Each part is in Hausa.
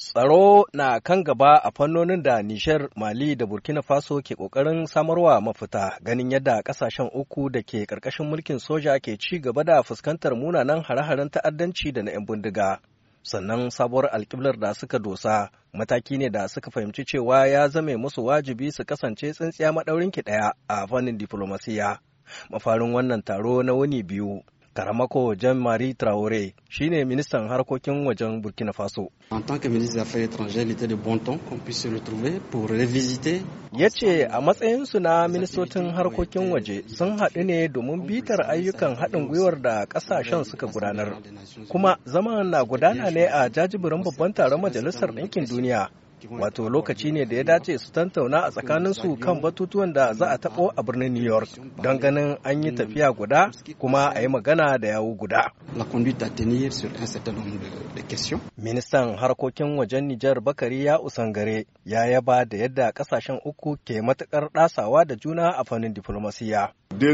Tsaro na kan gaba a fannonin da Nishar Mali da Burkina Faso ke ƙoƙarin samarwa mafita ganin yadda ƙasashen uku da ke ƙarƙashin mulkin soja ke ci gaba da fuskantar munanan hare-haren ta'addanci da na 'yan bindiga. Sannan sabuwar alƙiblar da suka dosa mataki ne da suka fahimci cewa ya zame musu wajibi su kasance tsintsiya maɗaurinki ɗaya a fannin diflomasiya. Mafarin wannan taro na wani biyu Saramako Jean-Marie Traoré shine ministan harkokin wajen Burkina Faso. En tant que ministre des Affaires étrangères, il était de bon ton qu'on puisse se retrouver pour revisiter. Ya ce a matsayinsu na ministocin harkokin waje sun haɗu ne domin bitar ayyukan haɗin gwiwar da ƙasashen suka gudanar. Kuma zaman na gudana ne a jajibirin babban taron Majalisar Ɗinkin Duniya wato lokaci ne da ya dace su tantauna a tsakaninsu kan batutuwan da za a taɓo a birnin new york don ganin an yi tafiya guda kuma a yi magana da yawu guda la conduite a tenir sur un certain nombre de questions Ministan harkokin wajen Nijar Bakari ya usangare ya yaba da yadda kasashen uku ke matukar ɗasawa da juna a fannin diplomasiya. Dès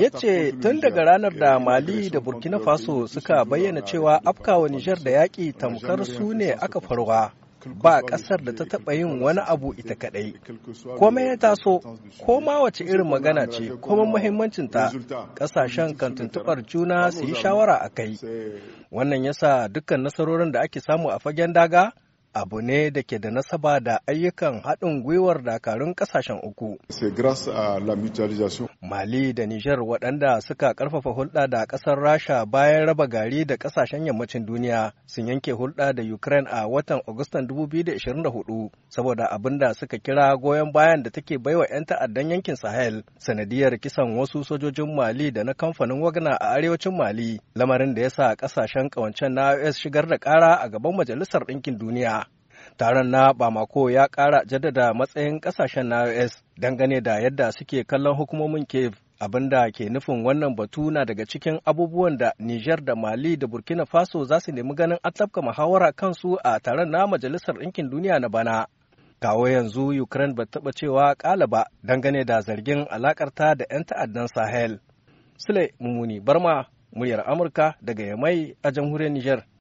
ya ce tun daga ranar da mali da burkina faso suka bayyana cewa afkawa nijar da yaƙi tamkar su ne aka farwa ba ƙasar da ta taɓa yin wani abu ita kaɗai. Komai ya taso, ko ma wace irin magana ce, kuma muhimmancinta ƙasashen kan tuntuɓar juna su yi shawara a kai. Wannan yasa dukkan nasarorin da ake samu a fagen daga abu ne da ke da nasaba da ayyukan haɗin gwiwar dakarun ƙasashen uku. Mali da Nijar waɗanda suka ƙarfafa hulɗa da ƙasar Rasha bayan raba gari da ƙasashen yammacin duniya sun yanke hulɗa da Ukraine a watan Agustan 2024 saboda abin da suka kira goyon bayan da take baiwa 'yan ta'addan yankin Sahel sanadiyar kisan wasu sojojin Mali da na kamfanin wagna a arewacin Mali lamarin da ya sa ƙasashen ƙawancen na U.S. shigar da ƙara a gaban Majalisar Ɗinkin Duniya. taron na bamako ya ƙara jaddada matsayin ƙasashen na us dangane da yadda suke kallon hukumomin Cave abin da ke nufin wannan batu na daga cikin abubuwan da Nijar da Mali da Burkina Faso za su nemi ganin atlafka muhawara kansu a taron na Majalisar Ɗinkin Duniya na bana. Kawo yanzu Ukraine ba taɓa cewa ƙalaba dangane da zargin alakarta da 'yan ta'addan Sahel. Sule Mumuni Barma, muryar Amurka daga Yamai a jamhuriyar Nijar.